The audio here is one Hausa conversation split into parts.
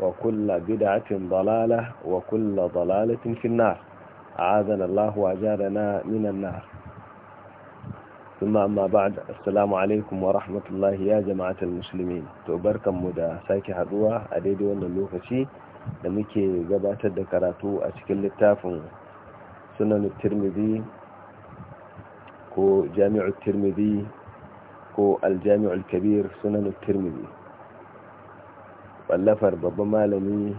وكل بدعة ضلالة وكل ضلالة في النار أعاذنا الله وأجارنا من النار ثم أما بعد السلام عليكم ورحمة الله يا جماعة المسلمين تباركم مدى ساكي حدوة أديدي وانا اللوكشي da muke gabatar da karatu a cikin littafin sunan tirmidhi ko jami'ul tirmidhi ko aljami'ul kabir sunan tirmidhi wallafar babban malami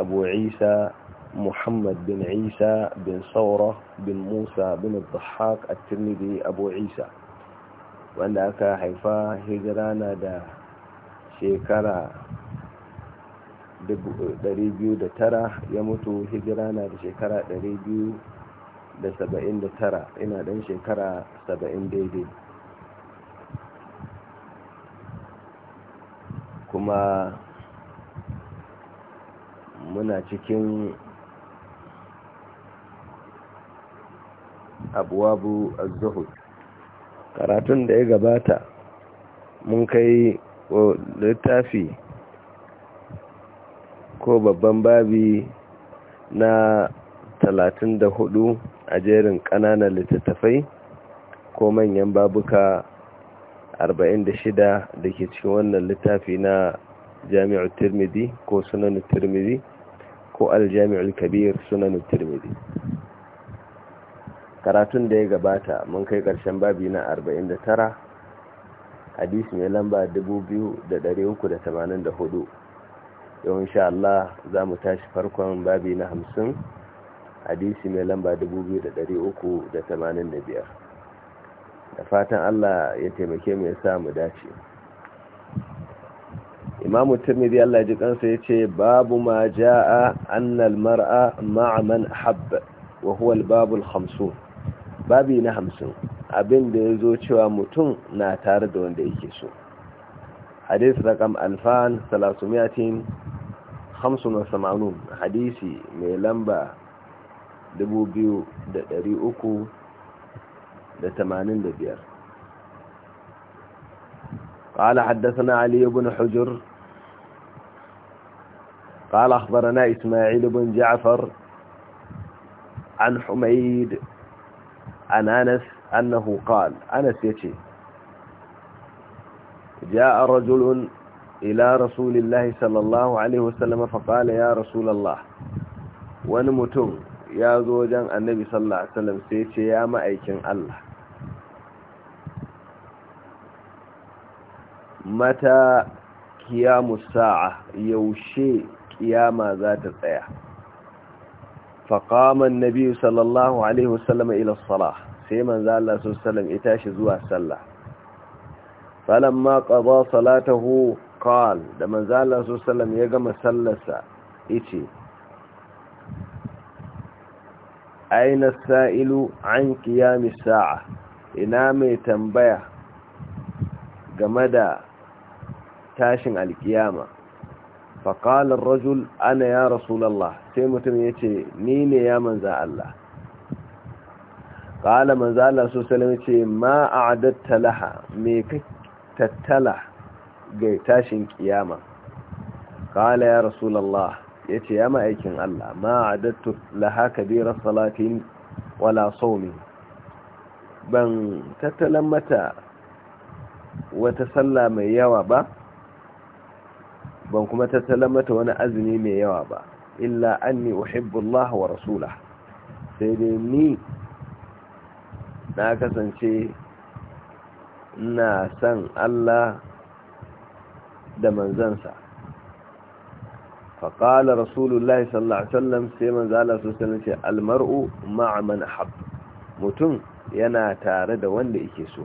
abu isa muhammad bin isa bin saura bin musa bin dhahak a tirmidhi abu isa wanda aka haifa hijirana da shekara 209 ya mutu hijirana da shekara 279 ina dan shekara 70 daidai kuma muna cikin abuwabu az-zuhud karatun da ya gabata mun kai littafi ko babban babi na 34 a jerin ƙananan littattafai ko manyan babuka 46 da ke cikin wannan littafi na jami'ar tirmidhi ko sunan tirmidhi ko aljami'ul kabir sunan tirmidhi karatun da ya gabata mun kai karshen babi na 49 hadisi mai lamba 2384 yau insha Allah za mu tashi farkon babi na 50 hadisi mai lamba 2385 da fatan Allah ya taimake mu ya sa mu dace imamu tirmidhi Allah ji kansa yace babu ma jaa annal mar'a ma'a man habba wa huwa al-babu al-50 babi na 50 abinda yazo cewa mutum na tare da wanda yake so hadith rakam alfan 385 hadisi mai lamba 2385 قال حدثنا علي بن حجر قال أخبرنا إسماعيل بن جعفر عن حميد عن أنس أنه قال أنس يتي جاء رجل إلى رسول الله صلى الله عليه وسلم فقال يا رسول الله ونمتم ya zo wajen annabi sallallahu alaihi wasallam sai ce ya ma'aikin Allah mata kiyamu sa'a yaushe kiyama za ta tsaya faƙaman nabi sallallahu alaihi wasallama ila sala sai manzo Allah sallallahu ya tashi zuwa sallah falamma qada salatahu qal da manzo Allah sallallahu ya gama sallarsa yace aina sa'ilu an kiyami sa'a ina mai tambaya game da tashin alkiyama faƙalar rajul ana ya rasulallah sai mutumin ya ce ni ne ya manza Allah ƙala manza Allah su salam ma a adatta laha mai tattala ga tashin ƙiyama ƙala ya rasulallah ya ce ya ma'aikin Allah ma a adattu laha kabirar salatin wala saumi ban tattalan mata wata sallah mai yawa ba ban kuma tattalin mata wani azumi mai yawa ba illa anni uhibbullah wa rasulah sai dai ni na kasance na san Allah da manzansa faƙala rasulullahi sallallahu alaihi wasallam sai manzo Allah su sanin ce almar'u ma'a man hab mutum yana tare da wanda yake so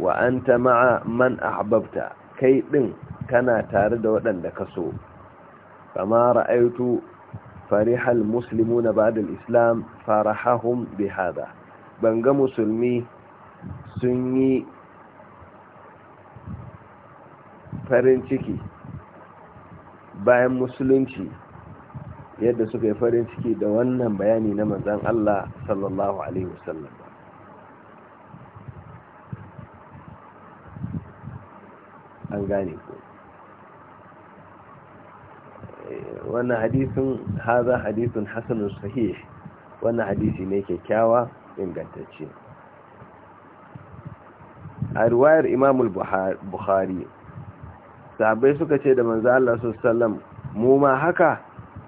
wa anta ma'a man ahbabta kai din kana tare da waɗanda ka so kama ra'aitu farihal muslimu na ba'adul islam farahahum bi Ban ga musulmi sun yi farin ciki bayan musulunci yadda suka yi farin ciki da wannan bayani na manzan Allah sallallahu Alaihi wasallam an gane ku wannan hadisin haza hadisin hasanun sahih wannan hadisi ne kyakkyawa ingantacce a ruwayar imamul buhari sabai suka ce da manzo Allah sallam mu ma haka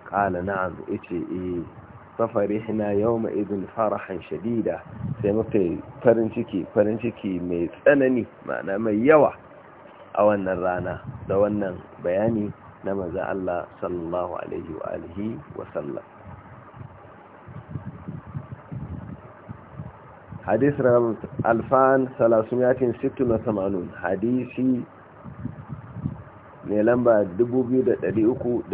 kala na'am yace eh safarihna yawma idin farahan shadida sai mafi farin ciki farin ciki mai tsanani ma'ana mai yawa a wannan rana da wannan bayani na maza Allah sallallahu alaihi wa alihi wa sallam hadis ram alfan salasumiyatin sittu na samanun hadisi ne lamba 2386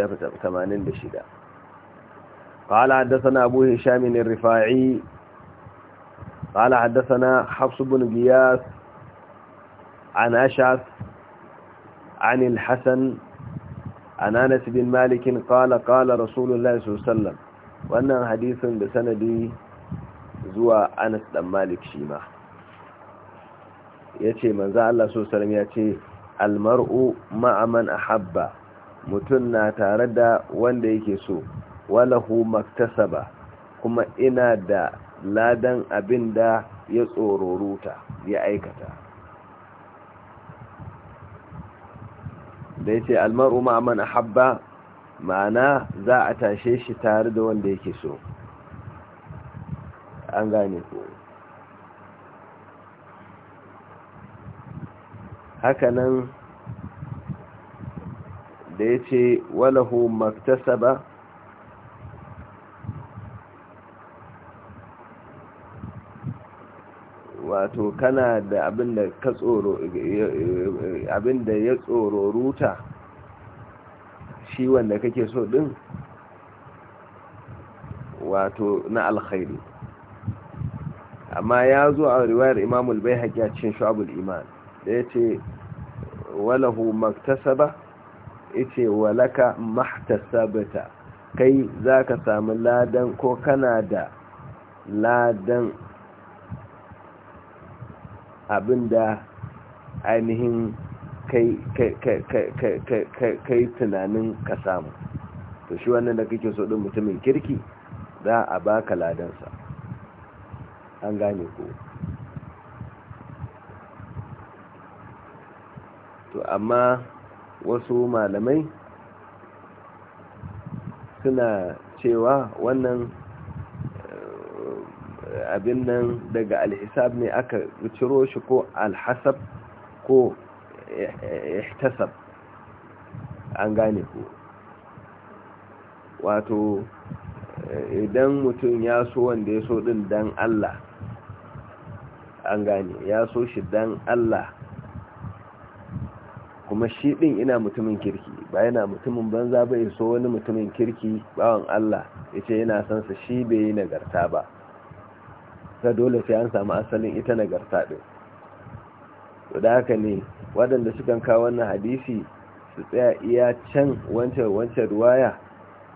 قال حدثنا أبو هشام الرفاعي قال حدثنا حفص بن قياس عن أشعث عن الحسن an anas bin malikin kala-kala rasulullahi sallallahu wannan hadisin da sanadi zuwa anas dan malik shi ma yace manzo Allah sallallahu ya ce almar'u ma'aman a habba, mutum na tare da wanda yake so walahu maktasaba kuma ina da ladan abin da ya tsororuta ya aikata da ya ce almaru ma'aman habba ma'ana za a tashe shi tare da wanda yake so an gane ko hakanan da ya ce walahu maktasaba wato kana da abin da ka tsoro abin ya tsoro ruta shi wanda kake so din wato na alkhairi amma ya zo a riwayar imamul bai haƙi a cikin shu'abul iman da ya ce walahu maktasaba ita walaka mahtasabata kai za ka sami ladan ko kana da ladan Abin da ainihin kai tunanin ka samu to shi wannan da kake so din mutumin kirki za a baka ladansa an gane ko to amma wasu malamai suna cewa wannan abin nan daga alhisab ne aka ciro shi ko alhasab ko ihtasab an gane ku wato idan mutum ya so wanda ya so din dan Allah an gane ya so shi dan Allah kuma shi din ina mutumin kirki ba yana mutumin banza ba ya so wani mutumin kirki bawan Allah ya ce yana sansa shi bai yi nagarta ba ta dole sai an samu asalin ita nagarta ɗin su da haka ne waɗanda suka kawo wannan hadisi su tsaya iya can wancan wancan ruwaya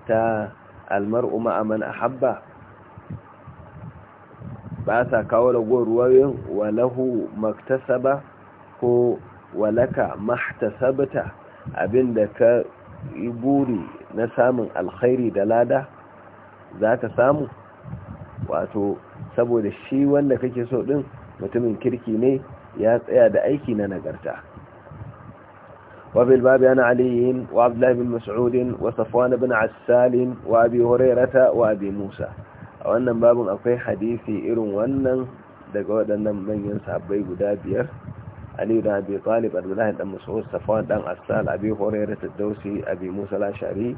ta aman a ahabba ba sa kawo ragowar ruwayoyin walahu maktasaba ko walaka mahtasabta abinda ka yi buri na samun alkhairi da lada za ka samu wato saboda shi wanda kake so din mutumin kirki ne ya tsaya da aiki na nagarta وفي الباب عن علي وعبد الله بن مسعود وصفوان بن عسال وابي هريرة وابي موسى wannan babun akwai hadisi irin wannan daga waɗannan manyan sahabbai guda biyar Ali da Abi Talib Abdullah dan Mas'ud Safwan dan Asal Abi Hurairah Tadawsi Abi Musa Al-Ashari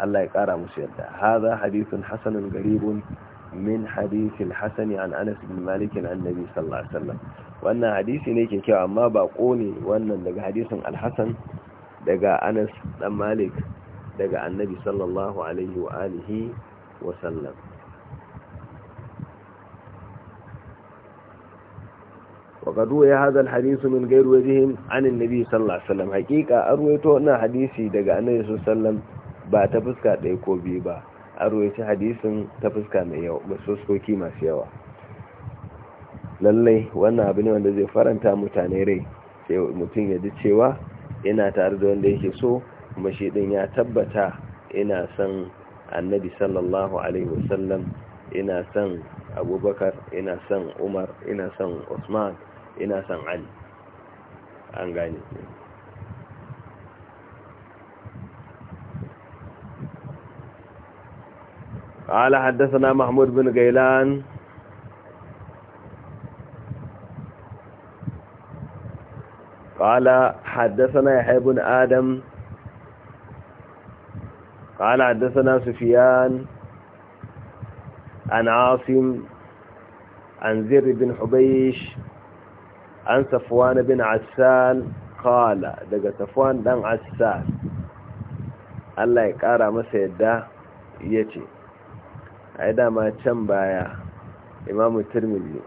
Allah ya kara musu yadda hadha hadithun hasanun garibun min حديث hasani an anas بن مالك annabi sallallahu alaihi الله wannan hadisi ne ke kyau amma ba باقوني wannan daga hadisin alhasan daga anas dan malik daga annabi sallallahu alaihi wa alihi wa sallam وقد روي هذا الحديث من غير وجه عن النبي صلى الله عليه وسلم حقيقه ارويته wannan hadisi daga annabi sallallahu alaihi sallam ba ta fuska ɗaya ko biyu ba a ruwaci hadisin ta fuska mai yawa sokoki masu yawa lallai wannan abu ne wanda zai faranta mutane rai sai mutum ya ji cewa ina tare da wanda yake so kuma shi din ya tabbata ina son annabi sallallahu alaihi wasallam ina son abubakar ina son umar ina son usman ina son ali an gane قال حدثنا محمود بن غيلان قال حدثنا يحيى بن آدم قال حدثنا سفيان عن عاصم عن زر بن حبيش عن صفوان بن عسال قال دقى صفوان بن عسال الله يقارى مسيدة يتي ai dama can baya imamu turmili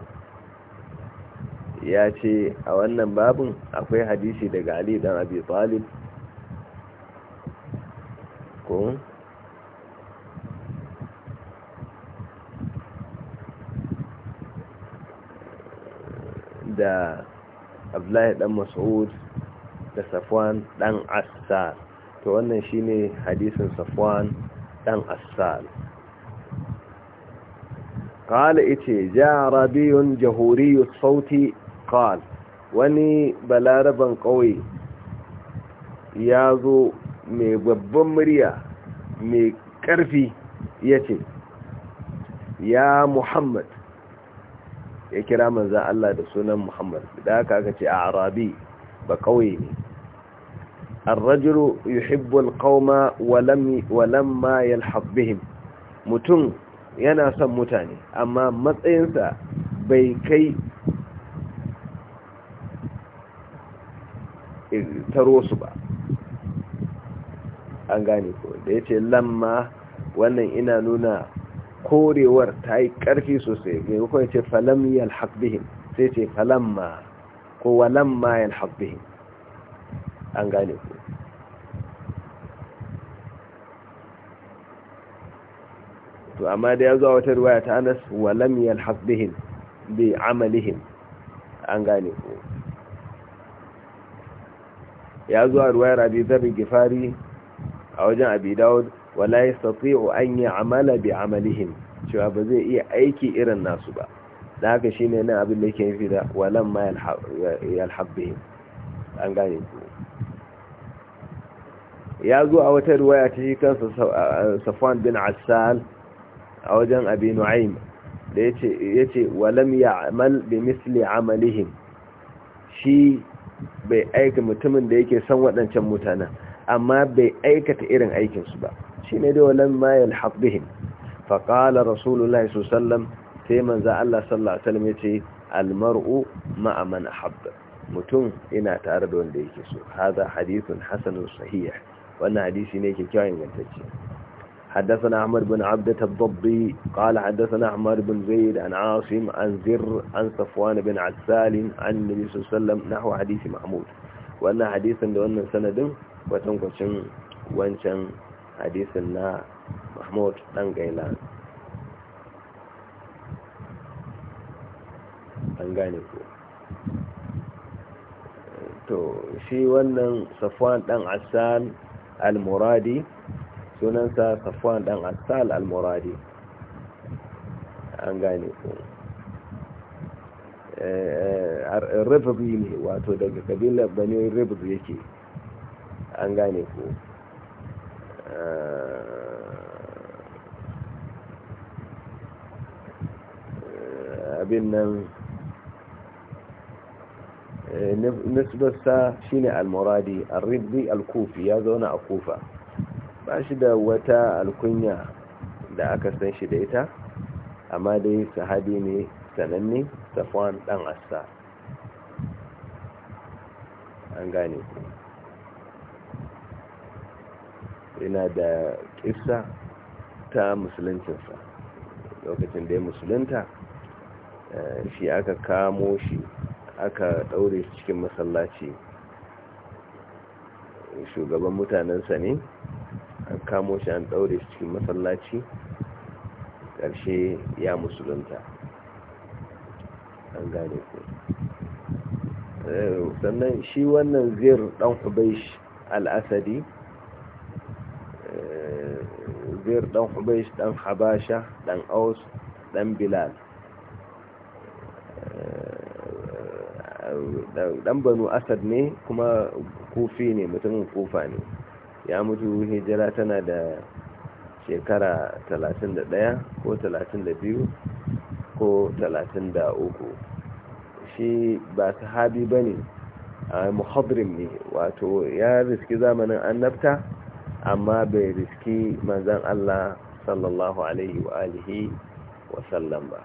ya ce a wannan babin akwai hadisi daga ali dan abi talib ko da abdullahi dan mas'ud da safwan dan assar to wannan shine hadisin safwan dan assar qala ice ja rabiyun jahuriyus sauti qal wani balaraban ƙauye ya zo mai babban murya mai karfi ya ce ya muhammad ya kira manza Allah da sunan muhammad da aka aka ce a arabi ba kauye ne الرجل يحب القوم ولم ولما يلحق بهم mutum yana son mutane amma matsayinsa bai kai taro su ba an gane ko da ya ce lamma wannan ina nuna korewar ta yi ƙarfi sosai ga yi kawai ce falam yalhaq bihim sai ce falamma ko walamma yalhaq bihim an gane ko to amma da ya zo a wata ruwaya ta anas walam yalhaq bihim bi amalihim an gane ko ya a ruwayar abi zarri gifari a wajen abi dawud wala yastati'u an ya'mala bi amalihim cewa ba zai iya aiki irin nasu ba da haka shine nan abin da yake nufi da walam ma yalhaq bihim an gane ko ya zo a wata ruwaya ta shi kansa safwan bin assal a wajen abi nu'aim da yace walam ya'mal bi misli amalihim shi bai aika mutumin da yake san waɗancan mutanen amma bai aikata irin aikinsu ba shi ne da walan ma yal bihim fa qala rasulullahi sallallahu sai Allah sallallahu alaihi wasallam yace almar'u ma'a man mutum ina tare da wanda yake so hada hadithun hasanun sahih wannan hadisi ne kyakkyawan ingantacce حدثنا عمر بن عبدة الضبي قال حدثنا عمر بن زيد عن عاصم عن زر عن صفوان بن عسال عن النبي صلى الله عليه وسلم نحو حديث محمود وأن حديثا لأن سند وتنقشن وانشن حديث لا محمود دان قيلان an gane ko to shi wannan safwan dan asan al-muradi sunansa safwan dan asal al-muradi an gane eh, eh, rifabi ne wato daga kabilar bane rifabi yake an gane ku eh, abin nan nisbarsa shine al-muradi al-rifabi al-kufi ya zauna a kufa ba shi da wata alkunya da aka san shi da ita amma dai sahabi ne sananne safwan dan assa an gane ku yana da kissa ta musuluncinsa lokacin da ya musulunta eh, shi aka kamo shi aka daure cikin masallaci shugaban mutanensa ne an kamo shi an ɗaure shi cikin masallaci ƙarshe ya musulunta an gane ku eh, sannan shi wannan zir ɗan hubaish al'asadi eh, zir ɗan hubaish ɗan habasha ɗan aus ɗan bilal eh, ɗan banu asad ne kuma kufi ne mutumin kufa ne ya mutu hijira tana da shekara 31 ko 32 ko uku shi ba sahabi ba ne a muhadrim ne wato ya riski zamanin annabta amma bai riski manzan Allah sallallahu alaihi wa alihi sallam ba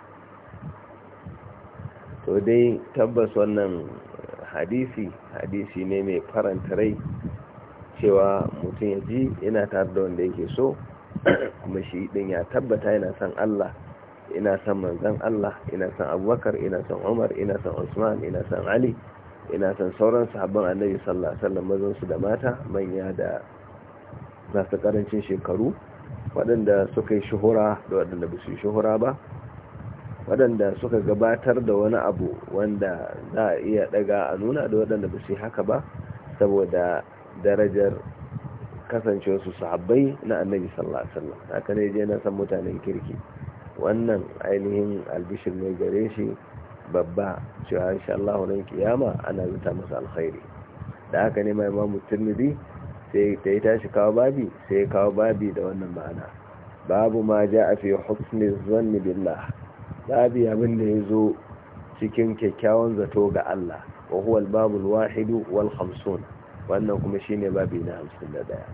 to dai tabbas wannan hadisi hadisi ne mai faranta rai cewa mutum ya ji yana tare da wanda yake so kuma shi din ya tabbata yana son Allah ina son manzon Allah ina son Abubakar ina son Umar ina son Usman ina son Ali ina son sauran sahabban Annabi sallallahu alaihi wasallam mazan su da mata manya da masu karancin shekaru waɗanda suka yi shuhura da waɗanda ba su yi shuhura ba waɗanda suka gabatar da wani abu wanda za a iya ɗaga a nuna da waɗanda ba su yi haka ba saboda darajar kasancewarsu sahabbai na annabi sallallahu alaihi wasallam haka ne je na san mutanen kirki wannan ainihin albishir ne gare shi babba cewa insha Allah ran kiyama ana zuta masa alkhairi da haka ne mai Imam Tirmidhi sai ta yi tashi kawo babi sai kawo babi da wannan ma'ana babu ma ja'a fi husni zanni billah babi abin da yazo cikin kyakkyawan zato ga Allah wa huwa al-babu al wal khamsun wannan kuma shi ne babi na hamsin da daya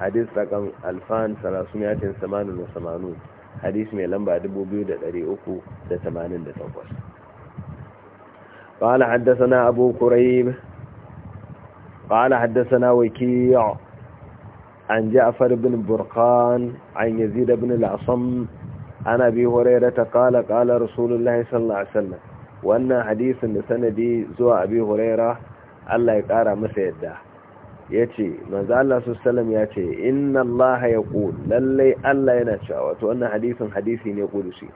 hadis takan alfan sarasuniyatin samanin da samanu hadis mai lamba dubu biyu da 2388 ƙwala haddasa na abu kurayim Ƙala haddasa na wakiyo an ji afar bin burkan an yi da bin lasan ana bi horaira ta ƙala ƙala rasulullah wannan hadisin da sanadi zuwa abi horaira Allah ya ƙara masa yadda ya ce manzo Allah sallallahu ya ce inna Allah ya ƙul lallai Allah yana cewa wato wannan hadisin hadisi ne kudusi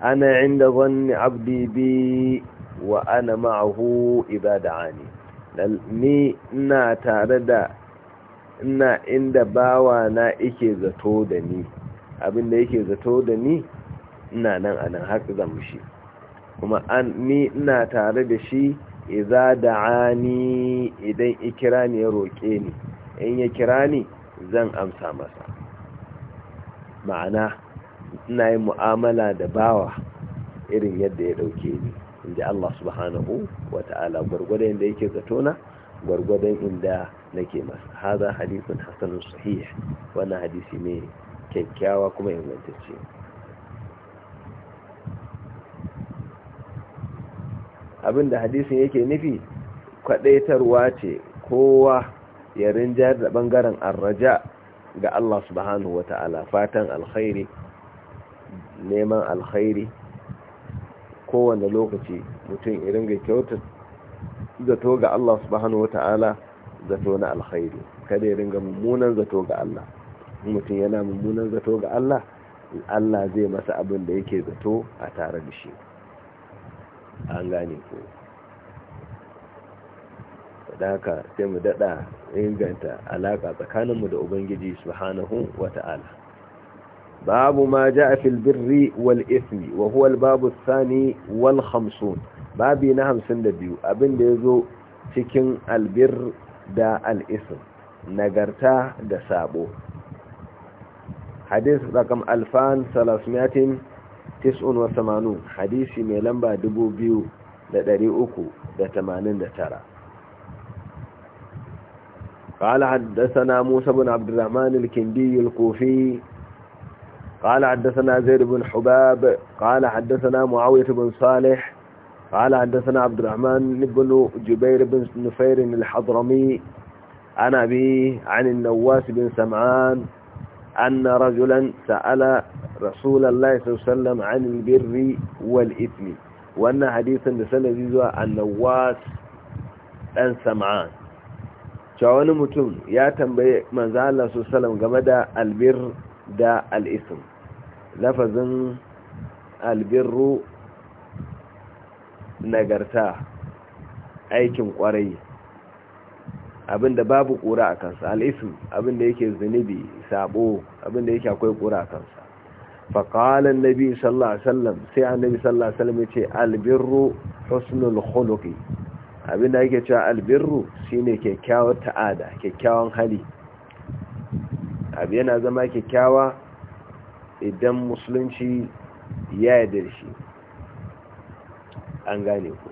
ana inda zanni abdi bi wa ana ma'ahu ibada'ani ni ina tare da ina inda bawa na ike zato da ni abinda yake zato da ni ina nan anan har zan mushi kuma ni ina tare da shi iza da ani idan ikira ne ya roƙe ni in ya kira ni zan amsa masa ma'ana ina yin mu'amala da bawa irin yadda ya ɗauke ni inda Allah subhanahu wa ta'ala gwargwadon da yake zatona gwargwadon inda nake masa haza hadisin hasanun sahih wannan hadisi ne kyakkyawa kuma ingantacce Abin da hadisin yake nufi kwadaitarwa ce kowa ya rinjar da bangaren arraja ga Allah subhanahu wa ta'ala fatan alkhairi neman alkhairi kowane lokaci mutum irin ga kyauta zato ga Allah subhanahu wa ta'ala zato na alkhairi kada ya ga mummunan zato ga Allah mutum yana mummunan zato ga Allah Allah zai masa abin da yake zato a tare da shi an gane ko haka sai mu dada inganta alaka tsakaninmu da ubangiji subhanahu wata'ala babu ma ja'a fil birri wal ismi wa huwa al babu thani wal khamsun babi na 52 abin da yazo cikin albir da al ism nagarta da sabo hadith rakam alfan تسعون وثمانون samanu hadisi mai دبو بيو لدري da ɗari uku قال حدثنا موسى بن عبد الرحمن الكندي الكوفي قال حدثنا زيد بن حباب قال حدثنا معاوية بن صالح قال حدثنا عبد الرحمن بن جبير بن نفير الحضرمي عن أبيه عن النواس بن سمعان أن رجلا سأل رسول الله صلى الله عليه وسلم عن البر والإثم وأن حديثا لسنة زيزوا النواس أن سمعان شعون متون ياتن بي من ذا الله صلى الله عليه وسلم قمد البر دا الإثم لفظ البر نقرتا aikin abin da babu kura a kansa al'isim da yake zunubi sabo abin da yake akwai kura a kansa faƙalan nabi sallallahu alaihi wasallam sai annabi sallallahu alaihi wasallam ya ce albirru husnul khuluqi abin da yake cewa albirru shine kyakkyawar ta'ada kyakkyawan hali abu yana zama kyakkyawa idan musulunci ya yarda shi an gane ku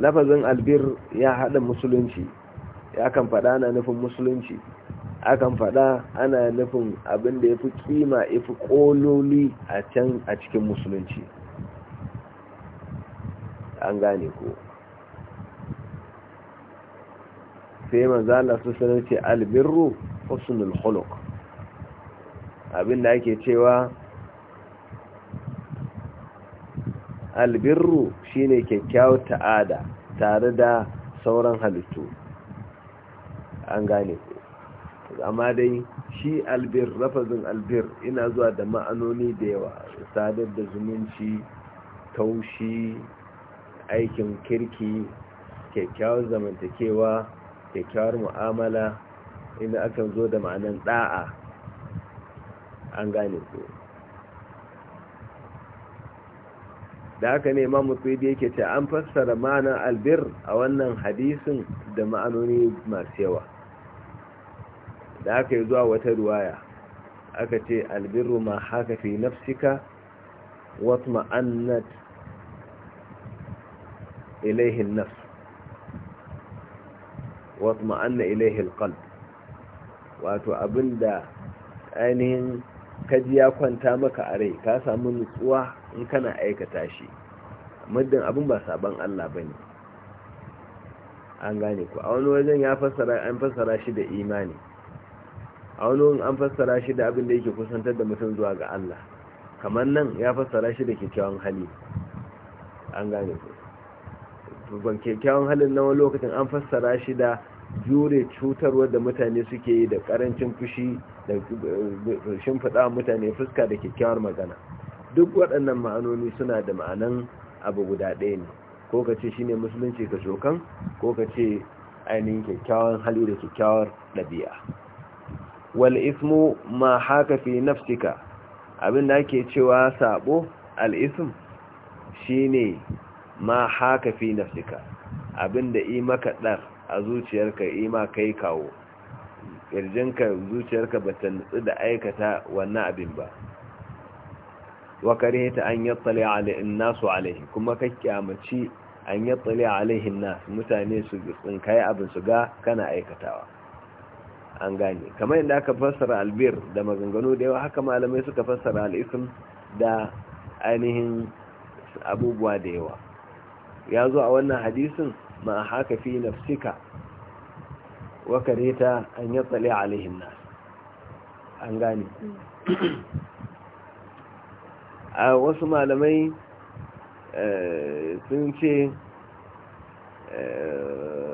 lafazin albir ya hada musulunci akan fada ana nufin musulunci akan fada ana nufin abin da ya fi kima ya fi a can a cikin musulunci an gane ko sai manzala su sanar ce albirru husnul khuluq abin da ake cewa albirru shine kyakkyawar ta'ada tare da sauran halittu an gane amma dai shi albir rafazin albir ina zuwa da ma'anoni da yawa sadar da zumunci taushi aikin kirki kyakkyawar zamantakewa kyakkyawar mu'amala inda akan zo da ma'anan da'a an gane da haka ne mamu tsidi yake ce an fassara ma'anar albir a wannan hadisin da ma'anoni masu yawa da aka yi zuwa wata ruwaya aka ce albirru ma haka fi nafsika wat ma'annat ilaihin nafs wat ma'anna ilaihin qalb wato abinda ainihin kaji ya kwanta maka a rai ka samu nutsuwa in kana aikata shi muddin abin ba sabon Allah ba ne an gane ku a wani wajen ya fassara shi da imani a wani wani an fassara shi da abin da yake kusantar da mutum zuwa ga Allah kamar nan ya fassara shi da kyakkyawan hali an gane ku ban kyakkyawan halin na wani lokacin an fassara shi da jure cutarwar da mutane suke yi da karancin fushi da fada mutane fuska da kyakkyawar magana duk waɗannan ma'anoni suna da ma'anan abu guda ɗaya ne ko ka ce shine musulunci ka shokan ko ka ce ainihin kyakkyawan hali da kyakkyawar ɗabi'a wal ismu ma haka fi nafsika abinda ake cewa sabo al ism shine ma haka fi nafsika abinda i maka a zuciyarka i ma kai kawo ƙirjin zuciyarka bata nutsu da aikata wannan abin ba wa karihta an yattali alaihin nasu alaihi kuma ka kyamaci an yattali alaihin nasu mutane su tsinkai abin su ga kana aikatawa an gane kamar yadda aka fassara albir da maganganu da yawa haka malamai suka fassara al'isun da ainihin abubuwa da yawa ya zo a wannan hadisin ma haka fi nafsika wa kareta an yi tsale alihin nas an gane a wasu malamai eh, sun ce eh,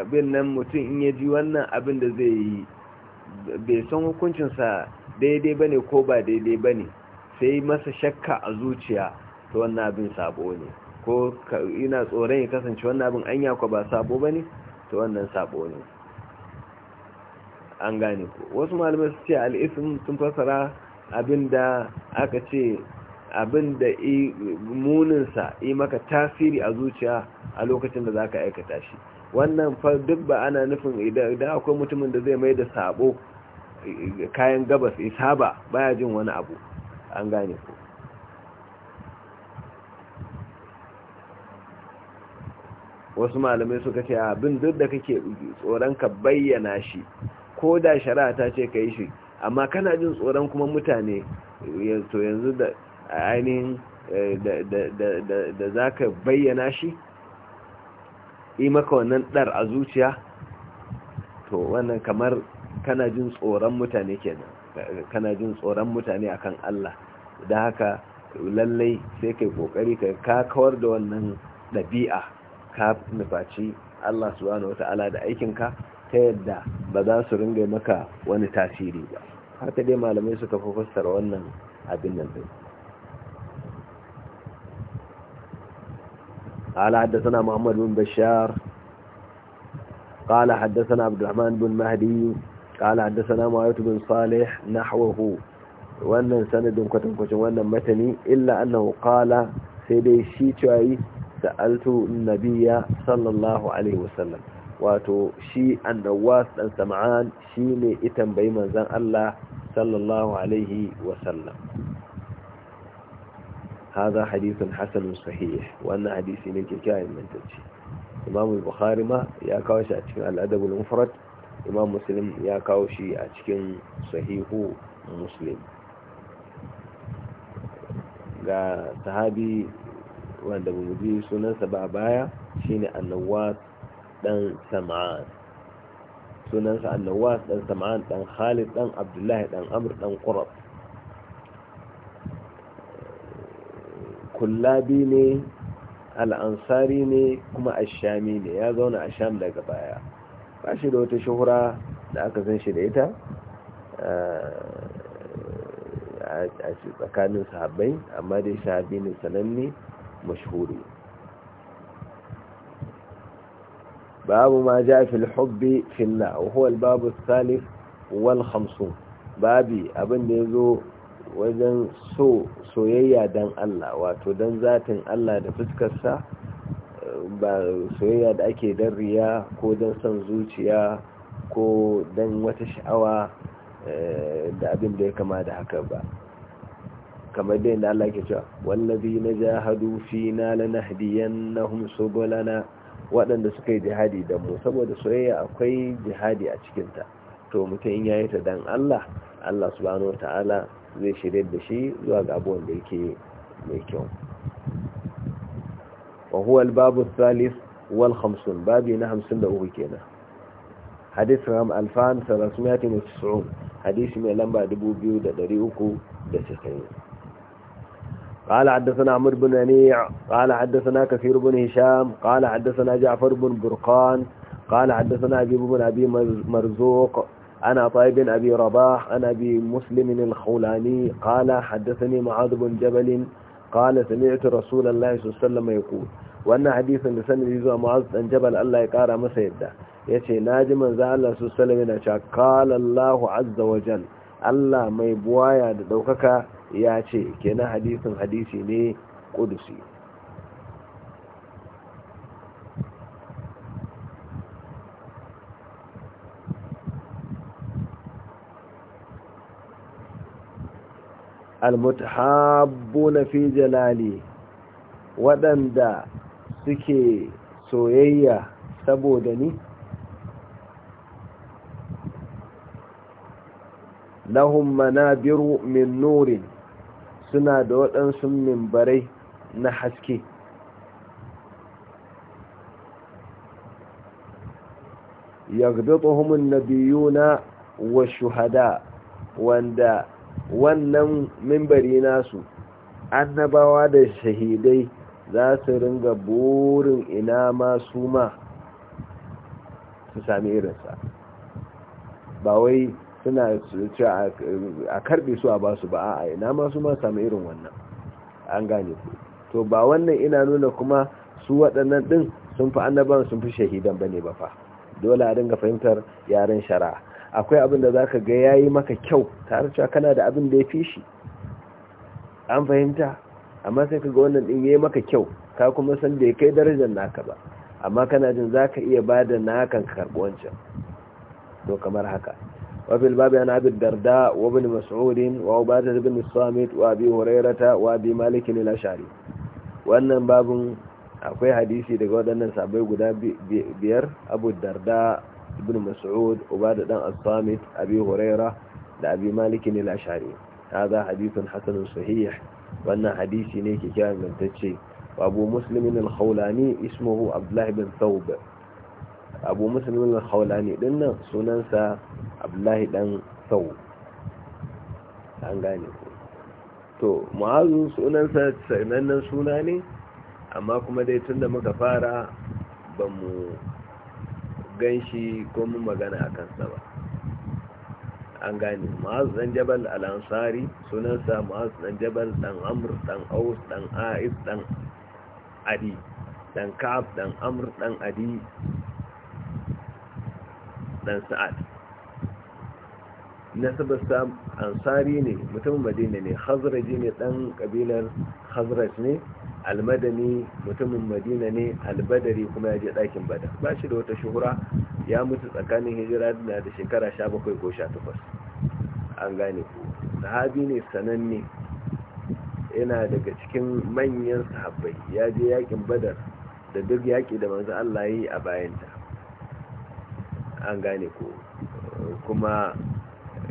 abin nan mutum in yaji ji wannan abin da zai yi bai san hukuncinsa daidai ba ne ko ba daidai ba ne sai masa shakka a zuciya ta wannan abin sabo ne ko ina tsoron ya kasance wannan abin an yakwa ba sabo ba ne ta wannan sabo ne an gane ku wasu malamai su ce al'isun sun fasara abin da aka ce abin da muninsa yi maka tasiri a zuciya a lokacin da za ka aikata shi wannan duk ba ana nufin idan akwai mutumin da zai mai da sabo kayan gabas isaba baya jin wani abu an gane ku wasu malamai suka ce abin duk da kake tsoron ka bayyana shi ko da shari'a ta ce ka yi shi amma kana jin tsoron kuma mutane to yanzu da ainihin eh, da za ka bayyana shi yi maka wannan ɗar a zuciya to wannan kamar kana jin tsoron mutane kenan kana jin tsoron mutane akan Allah da haka lallai sai kai kokari ka kawar da wannan ɗabi'a ka nufaci Allah subhanahu wata'ala da aikinka ta yadda ba za su ringa maka wani tasiri ba haka dai malamai suka fassara wannan abin nan din قال حدثنا محمد بن بشار قال حدثنا عبد الرحمن بن مهدي قال حدثنا معاوية بن صالح نحوه wannan sanadin kwatankwacin wannan matani illa annahu qala sai dai shi cewa sa'altu nabiyya sallallahu alaihi wasallam wato shi annawas dan sam'an shi ne ita bai manzon Allah sallallahu alaihi wasallam hadha hadithun hasan sahih wannan hadisi ne kyakkyawa ingantacce imamu bukhari ma ya kawo shi a cikin al-adab al-mufrad imam muslim ya kawo shi a cikin sahihu muslim ga sahabi wanda ba mu ji sunansa ba baya shine annawas dan sam'an sunansa annawas dan sam'an dan khalid dan abdullahi dan amr dan qurab kullabi ne al'ansari ne kuma ashami ne ya zauna a sham daga baya ba shi da wata shuhura da aka san shi da ita eh, a tsakanin sahabbai amma dai sahabi ne sananne mashhuri babu ma ja fil hubbi filla wa huwa babu salif wal khamsun babi abin da yazo wajen so soyayya dan Allah wato dan zatin Allah da fuskarsa ba soyayya da ake dan riya ko dan son zuciya ko dan wata sha'awa eh, da abin da ya kama da haka ba kamar da yadda Allah ke cewa wallazi na jahadu na lanahdiyannahum subulana waɗanda suka yi jihadi da mu saboda soyayya akwai jihadi a cikinta to mutum in yayi ta dan Allah Allah subhanahu wataala zai shirye da shi zuwa ga abuwan da yake mai kyau wa huwa al-babu thalith wal 50 babi na 53 kenan hadith ram al-fan 390 hadith mai lamba 2300 قال حدثنا عمر بن نيع قال حدثنا كثير بن هشام قال حدثنا جعفر بن برقان قال حدثنا أبي بن أبي مرزوق عن عطاء بن أبي رباح عن أبي مسلم الخولاني قال حدثني معاذ بن جبل قال سمعت رسول الله صلى الله عليه وسلم يقول وأن حديث لسنة يزوى معاذ بن جبل الله يقارى مسيدة يتي ناجما ذا الله صلى الله عليه وسلم قال الله عز وجل Allah mai buwaya da ɗaukaka ya ce kenan hadisin hadisi ne ƙudusi almutahabbuna fi jalali waɗanda suke soyayya saboda ni lahum manabiru min nurin suna da waɗansu mimbarai na haske yagdutuhum annabiyuna wa shuhada wanda wannan mimbari nasu annabawa da shahidai za su ringa burin ina ma su ma su sami irinsa ba wai suna cewa a karbe su a ba su ba a ina ma su ma sami irin wannan an gane ku to ba wannan ina nuna kuma su waɗannan ɗin sun fi annaban sun fi shahidan ba ne ba fa dole a dinga fahimtar yaren shari'a akwai abin da za ka ga ya maka kyau tare cewa kana da abin da ya fi shi an fahimta amma sai ka ga wannan din ya yi maka kyau ka kuma san da ya kai darajar naka ba amma kana jin za ka iya ba da nakan karɓi wancan to kamar haka wafil babu yana abin darda wa bin mas'udin wa ba ta zubin samit wa bi horairata wa bi malikin lashari wannan babun akwai hadisi daga waɗannan sabai guda biyar abu darda ibn mas'ud ubada dan as-samit abi huraira da abi malik al-ashari hadha hadithun hasanun sahih wannan hadisi ne ke kira mintacce abu muslim al-khawlani ismuhu abdullah bin thawb abu muslim al-khawlani dinnan sunansa abdullah dan thawb an gane to mu'azu sunansa sanannen suna ne amma kuma dai tunda muka fara ba mu gan shi ko mun magana a kansa ba an gane ma'azu dan jabal al sunansa ma'azu dan jabal dan amur dan aus dan a'is dan adi dan kaf dan amur dan adi dan sa'ad nasabarsa ansari ne mutumin madina ne hazraji ne dan kabilar hazraji ne almadani mutumin madina ne albadari kuma ya je ɗakin bada ba shi da wata shuhura ya mutu tsakanin hijira da da shekara 17 ko 18 an gane ku sahabi ne sananne yana daga cikin manyan sahabbai ya je yakin badar da duk yaki da manzo Allah yi a bayanta an gane ku kuma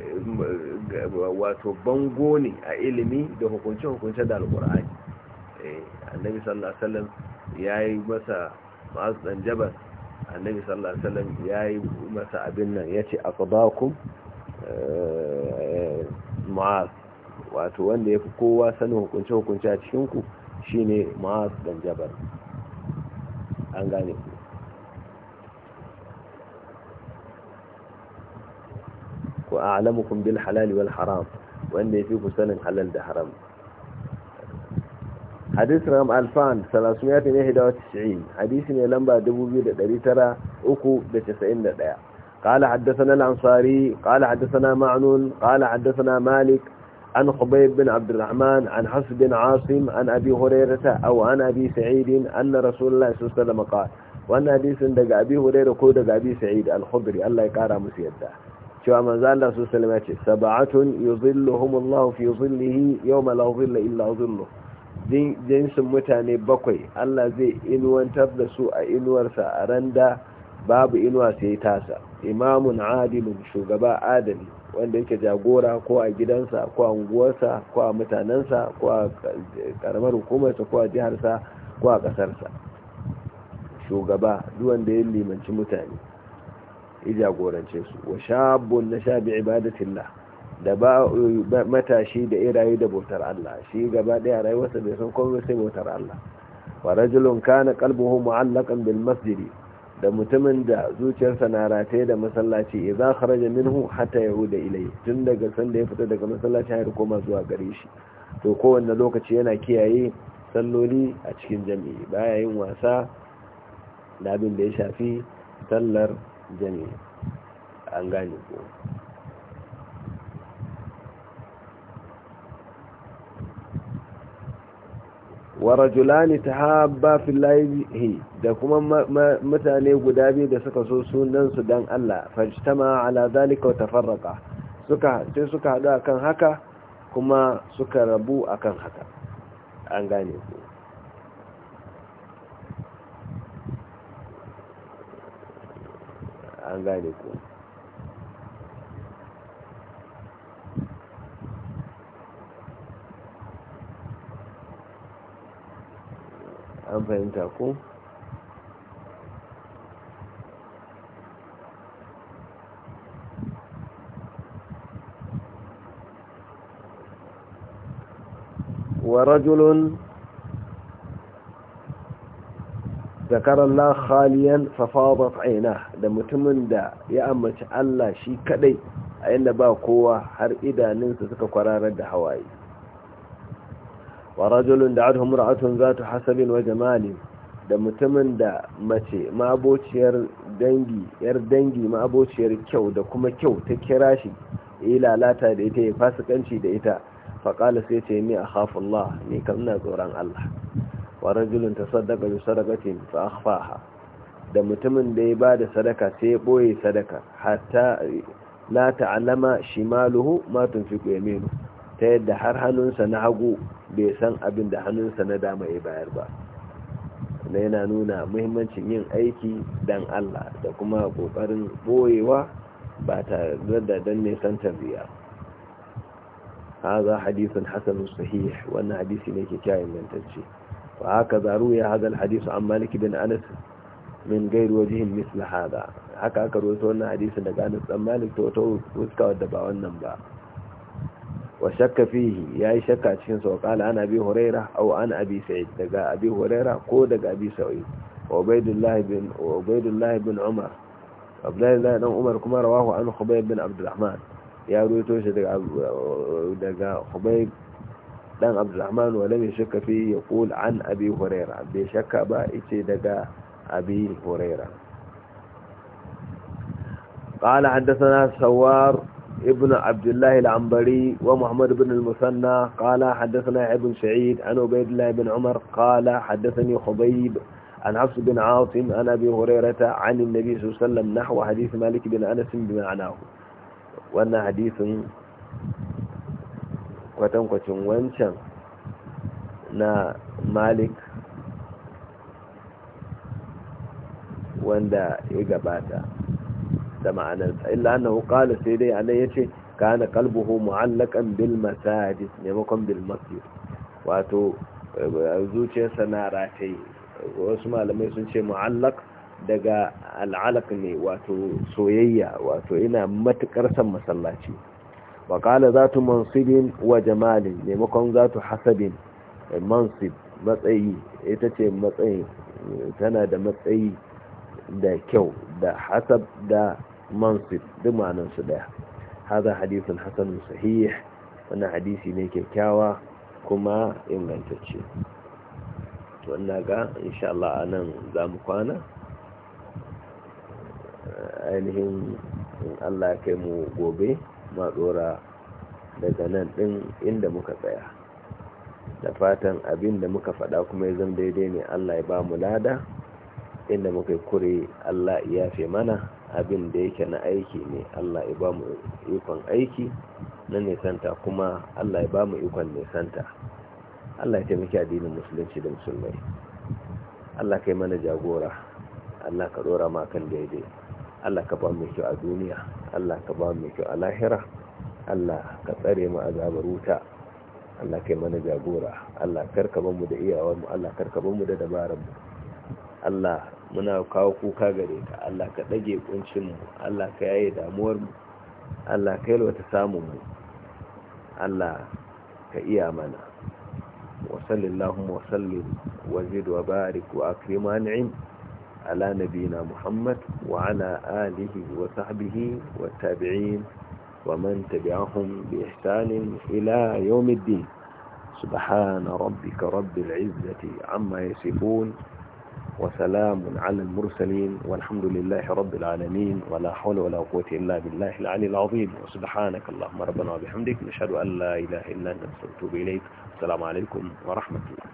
eh, wato bango ne a ilimi da hukunce-hukunce da alkur'ani annabi sallallahu alaihi wasallam yayi masa ma'az dan jabal annabi sallallahu alaihi wasallam yayi masa abin nan yace afdakum eh, ma'az wato wanda yafi kowa sanin hukunce hukunce a cikin ku shine ma'az dan jabal an gane ku wa a'lamukum bil halali wal haram wanda yafi ku sanin halal da haram hadith ram alfan 390 hadisi ne lamba 2391 qala hadathana al-ansari qala hadathana ma'nun qala hadathana malik an khubayb bin abd alrahman an hasan bin asim an abi hurayra aw an abi sa'id anna rasulullah sallallahu alaihi wannan hadisin daga abi hurairu ko daga abi sa'id al Allah ya kara musu yadda cewa manzo Allah sallallahu alaihi wasallam ya ce sab'atun yuzilluhumullahu fi yuzillihi yawma la illa yuzilluhu jinsin mutane bakwai Allah zai inuwantar da su a inuwarsa a randa babu inuwa sai tasa imamun adilun shugaba adali wanda yake jagora ko a gidansa ko a unguwarsa ko a mutanensa ko a karamar hukumarsa ko a jiharsa ko a kasarsa shugaba duwan da ya limanci mutane ya jagorance su wa shabun na shabi ibadatillah da ba matashi da irayi da bautar Allah shi gaba daya rayuwarsa bai san komai sai bautar Allah wa rajulun kana qalbuhu mu'allaqan bil masjid da mutumin da zuciyarsa na rataye da masallaci idza kharaja minhu hatta yauda ilayhi tun daga san da ya fita daga masallaci har koma zuwa gare shi to kowanne lokaci yana kiyaye salloli a cikin jami'i baya yin wasa da abin da ya shafi sallar jami'i an gane ko warajulani rajulani tahabba fillahi da kuma mutane guda biyu da suka so sunan su dan Allah fajtama ala zalika wa tafarraqa suka sai suka hadu akan haka kuma suka rabu akan haka an gane ku an gane ku an fahimta ko wa rajulun ذكر da mutumin da ya ambaci Allah shi kadai a inda ba kowa har idanunsa suka kwararar da hawaye wa rajulun da adhum zata hasa bin wa jamalin da mutumin da mace ma'abociyar dangi yar dangi ma'abociyar kyau da kuma kyau ta kira shi ila lalata da ita ya fasikanci da ita faƙala sai ce ni a hafullah ne kan na tsoron Allah wa rajulun ta sadaka ce ta fa akhfaha da mutumin da ya ba da sadaka sai ya boye sadaka hatta la ta'lama shimaluhu ma tunfiqu menu. ta yadda har hannunsa na hagu bai san abin da hannunsa na dama ya bayar ba na yana nuna muhimmancin yin aiki don Allah da kuma ƙoƙarin boyewa ba ta da don nisan tarbiya ha za hadisun hasan sahih wannan hadisi ne ke kyayin mintarci ba haka zaru ya hazan hadisu an maliki bin anis min gairu wajihin misli haka haka aka rusa wannan hadisun daga anas an malik to wata wuska wadda ba wannan ba wa shakka fihi yi shakka cikin sa qala ana abi huraira aw an abi sa'id daga abi huraira ko daga abi sa'id ubaydullah bin ubaydullah bin umar abdullah dan umar kuma rawahu an khubayb bin abdurrahman ya ruwaito shi daga daga khubayb dan abdurrahman wa lam yashakka fihi yaqul an abi huraira bai shakka ba yace daga abi huraira قال حدثنا سوار ابن عبد الله العنبري ومحمد بن المثنى قال حدثنا ابن سعيد عن عبيد الله بن عمر قال حدثني خبيب عن حفص بن عاصم عن ابي هريره عن النبي صلى الله عليه وسلم نحو حديث مالك بن انس بمعناه وان حديث kwatankwacin wancan na malik wanda ya gabata da ma'anarsa illa annahu qala sai dai alai yace kana kalbuhu mu'allaqan bil masajid maimakon bil masjid wato zuciyarsa na rataye wasu malamai sun ce mu'allaq daga al'alaq ne wato soyayya wato ina matukar san masallaci wa qala zatu mansibin wa jamalin maimakon zatu hasabin mansib matsayi ita ce matsayi tana da matsayi da kyau da hasab da mansif duk su daya haza hadisin hasan sahih wannan hadisi ne kyakkyawa kuma ingantacce to wannan ga insha Allah anan zamu kwana ainihin Allah ya kai mu gobe ma dora daga nan din inda muka tsaya da fatan abin da muka faɗa kuma ya zama daidai ne Allah ya ba mu lada inda muka yi kure Allah ya fi mana abin da yake na aiki ne Allah ya ba mu ikon aiki na nisanta kuma Allah ya ba mu ikon nisanta Allah ya taimaki addinin musulunci da musulmai Allah kai mana jagora Allah ka dora ma daidai Allah ka ba mu kyau a duniya Allah ka ba mu kyau a lahira Allah ka tsare mu azabar wuta Allah kai mana jagora Allah karka mu da iyawar Allah karka mu da dabarar mu Allah muna kawo kuka gare ka Allah ka dage kuncin mu Allah ka yaye damuwar mu Allah ka yi wata samu mu Allah ka iya mana wa sallallahu wa sallim wa zid wa barik wa akrim wa an'im ala nabina Muhammad wa ala alihi wa sahbihi wa tabi'in wa man tabi'ahum bi ihsan ila yawmiddin subhana rabbika rabbil izzati amma yasifun وسلام على المرسلين والحمد لله رب العالمين ولا حول ولا قوة إلا بالله العلي العظيم وسبحانك اللهم ربنا وبحمدك نشهد أن لا إله إلا أنت نستغفرك إليك السلام عليكم ورحمة الله